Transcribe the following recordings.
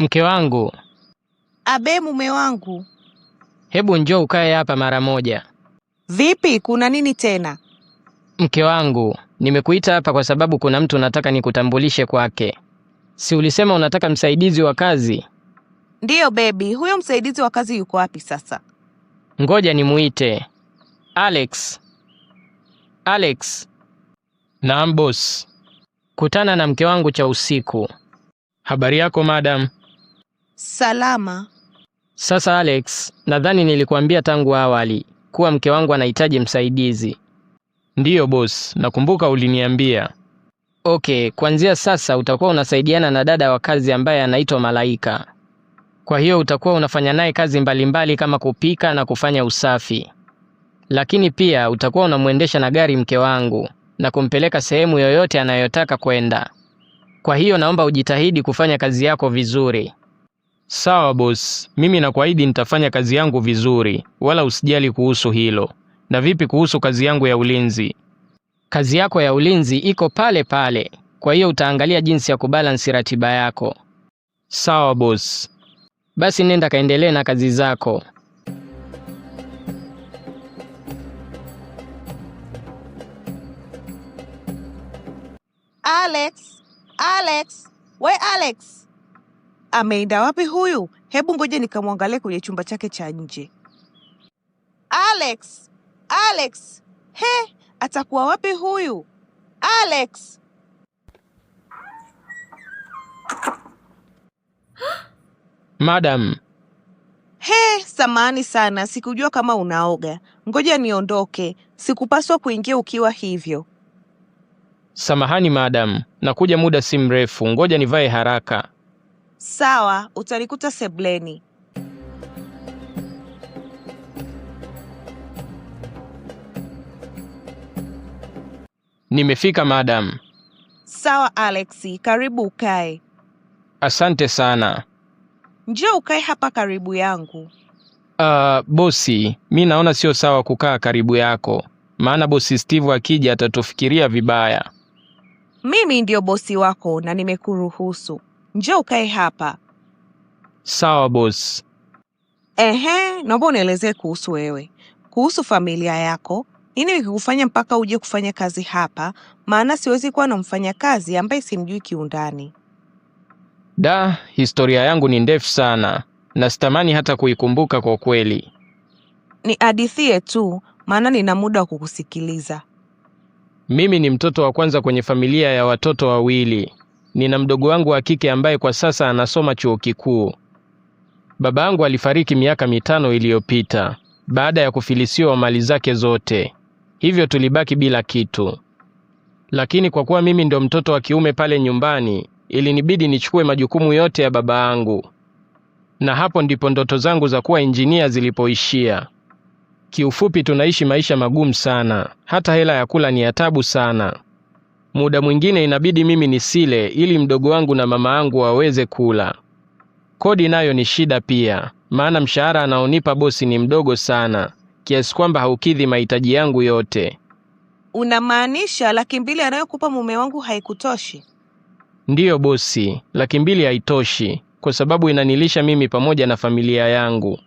Mke wangu. Abe, mume wangu. Hebu njoo ukae hapa mara moja. Vipi, kuna nini tena? Mke wangu, nimekuita hapa kwa sababu kuna mtu nataka nikutambulishe kwake. Si ulisema unataka msaidizi wa kazi? Ndiyo bebi, huyo msaidizi wa kazi yuko wapi sasa? Ngoja nimuite. Alex. Alex. Naam boss. Kutana na mke wangu cha usiku. Habari yako madam? salama. Sasa Alex, nadhani nilikuambia tangu awali kuwa mke wangu anahitaji msaidizi. Ndiyo boss, nakumbuka uliniambia. Okay, kuanzia sasa utakuwa unasaidiana na dada wa kazi ambaye anaitwa Malaika. Kwa hiyo utakuwa unafanya naye kazi mbalimbali mbali kama kupika na kufanya usafi, lakini pia utakuwa unamwendesha na gari mke wangu na kumpeleka sehemu yoyote anayotaka kwenda. Kwa hiyo naomba ujitahidi kufanya kazi yako vizuri. Sawa boss, mimi nakuahidi nitafanya kazi yangu vizuri, wala usijali kuhusu hilo. Na vipi kuhusu kazi yangu ya ulinzi? Kazi yako ya ulinzi iko pale pale, kwa hiyo utaangalia jinsi ya kubalansi ratiba yako. Sawa boss. Basi nenda kaendelee na kazi zako. Alex, Alex, we Alex ameenda wapi huyu? Hebu ngoja nikamwangalia kwenye chumba chake cha nje. Alex, Alex, he, atakuwa wapi huyu Alex? Madam. He, samahani sana, sikujua kama unaoga. Ngoja niondoke, sikupaswa kuingia ukiwa hivyo. Samahani madam, nakuja muda si mrefu, ngoja nivae haraka. Sawa, utalikuta sebleni. Nimefika madam. Sawa Alexi, karibu ukae. Asante sana. Njoo ukae hapa karibu yangu. Uh, bosi, mi naona sio sawa kukaa karibu yako, maana bosi Steve akija atatufikiria vibaya. Mimi ndiyo bosi wako na nimekuruhusu. Njoo ukae hapa. Sawa boss. Ehe, naomba unielezee kuhusu wewe, kuhusu familia yako. Nini kikufanya mpaka uje kufanya kazi hapa? Maana siwezi kuwa na mfanyakazi ambaye simjui kiundani. Da, historia yangu ni ndefu sana na sitamani hata kuikumbuka kwa kweli. Ni adithie tu, maana nina muda wa kukusikiliza. Mimi ni mtoto wa kwanza kwenye familia ya watoto wawili. Nina mdogo wangu wa kike ambaye kwa sasa anasoma chuo kikuu. Baba yangu alifariki miaka mitano iliyopita baada ya kufilisiwa mali zake zote, hivyo tulibaki bila kitu. Lakini kwa kuwa mimi ndo mtoto wa kiume pale nyumbani, ilinibidi nichukue majukumu yote ya baba yangu, na hapo ndipo ndoto zangu za kuwa injinia zilipoishia. Kiufupi, tunaishi maisha magumu sana, hata hela ya kula ni ya tabu sana. Muda mwingine inabidi mimi nisile ili mdogo wangu na mama yangu waweze kula. Kodi nayo ni shida pia, maana mshahara anaonipa bosi ni mdogo sana kiasi kwamba haukidhi mahitaji yangu yote. Unamaanisha laki mbili anayokupa mume wangu haikutoshi? Ndiyo bosi, laki mbili haitoshi kwa sababu inanilisha mimi pamoja na familia yangu.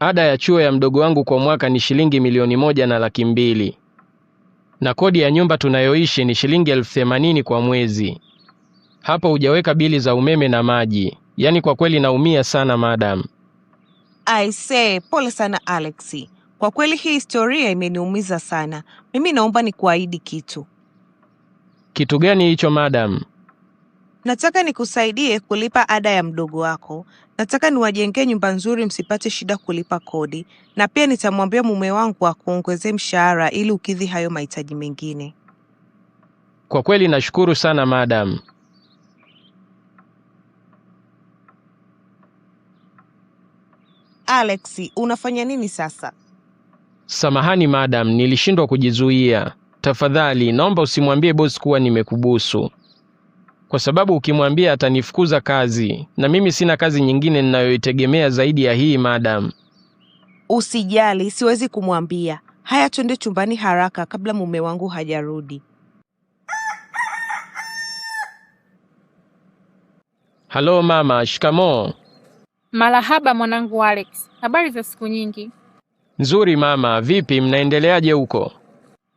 Ada ya chuo ya mdogo wangu kwa mwaka ni shilingi milioni moja na laki mbili na kodi ya nyumba tunayoishi ni shilingi elfu themanini kwa mwezi. Hapo hujaweka bili za umeme na maji. Yaani kwa kweli naumia sana madam. say, pole sana Alexi. Kwa kweli hii historia imeniumiza sana. Mimi naomba nikuahidi kitu. Kitu gani hicho madam? Nataka nikusaidie kulipa ada ya mdogo wako. Nataka niwajengee nyumba nzuri msipate shida kulipa kodi, na pia nitamwambia mume wangu akuongezee mshahara ili ukidhi hayo mahitaji mengine. Kwa kweli nashukuru sana madam. Alexi, unafanya nini sasa? Samahani madam, nilishindwa kujizuia. Tafadhali naomba usimwambie bosi kuwa nimekubusu kwa sababu ukimwambia atanifukuza kazi, na mimi sina kazi nyingine ninayoitegemea zaidi ya hii madam. Usijali, siwezi kumwambia. Haya, twende chumbani haraka kabla mume wangu hajarudi. Halo mama. Shikamoo. Marahaba mwanangu Alex, habari za siku nyingi. Nzuri mama, vipi, mnaendeleaje huko?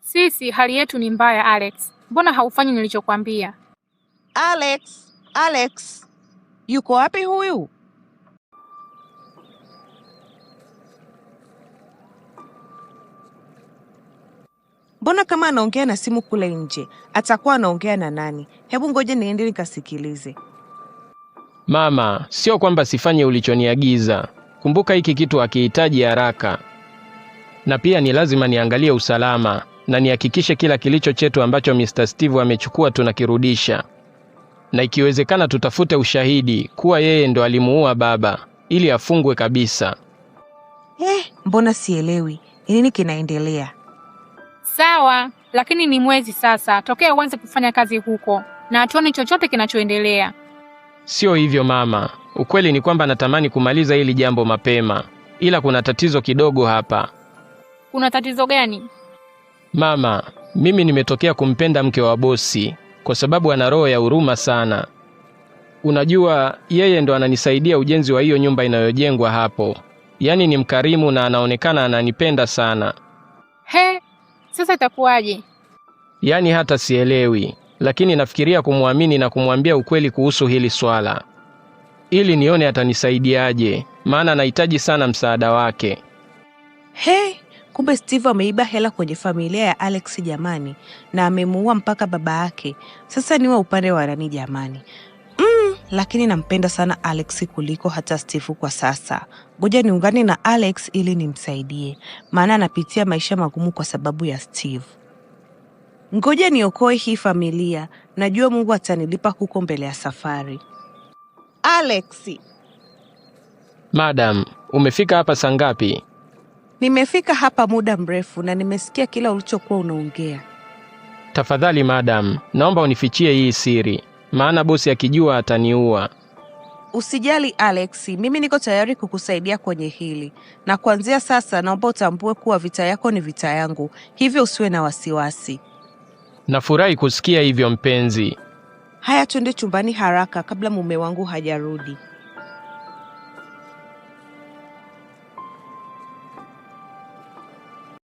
Sisi hali yetu ni mbaya Alex, mbona haufanyi nilichokwambia? Alex, Alex, yuko wapi huyu? Mbona kama anaongea na simu kule nje? Atakuwa anaongea na nani? Hebu ngoja niende nikasikilize. Mama, sio kwamba sifanye ulichoniagiza. Kumbuka hiki kitu akihitaji haraka, na pia ni lazima niangalie usalama na nihakikishe kila kilicho chetu ambacho Mr. Steve amechukua tunakirudisha na ikiwezekana tutafute ushahidi kuwa yeye ndo alimuua baba ili afungwe kabisa. Eh, mbona sielewi nini kinaendelea? Sawa, lakini ni mwezi sasa tokea uanze kufanya kazi huko na hatuoni chochote kinachoendelea. Sio hivyo mama, ukweli ni kwamba natamani kumaliza hili jambo mapema, ila kuna tatizo kidogo hapa. Kuna tatizo gani mama? Mimi nimetokea kumpenda mke wa bosi kwa sababu ana roho ya huruma sana. Unajua, yeye ndo ananisaidia ujenzi wa hiyo nyumba inayojengwa hapo. Yaani ni mkarimu na anaonekana ananipenda sana. He, sasa itakuwaje? Yaani hata sielewi, lakini nafikiria kumwamini na kumwambia ukweli kuhusu hili swala, ili nione atanisaidiaje, maana nahitaji sana msaada wake. Hey, Kumbe Steve ameiba hela kwenye familia ya Alex jamani, na amemuua mpaka baba yake. Sasa niwe upande wa nani jamani? Mm, lakini nampenda sana Alex kuliko hata Steve kwa sasa. Ngoja niungane na Alex ili nimsaidie, maana anapitia maisha magumu kwa sababu ya Steve. Ngoja niokoe hii familia, najua Mungu atanilipa huko mbele ya safari. Alex, madam, umefika hapa saa ngapi? Nimefika hapa muda mrefu na nimesikia kila ulichokuwa unaongea. Tafadhali madam, naomba unifichie hii siri, maana bosi akijua ataniua. Usijali Alex, mimi niko tayari kukusaidia kwenye hili, na kuanzia sasa naomba utambue kuwa vita yako ni vita yangu, hivyo usiwe na wasiwasi. Nafurahi kusikia hivyo mpenzi. Haya, twende chumbani haraka kabla mume wangu hajarudi.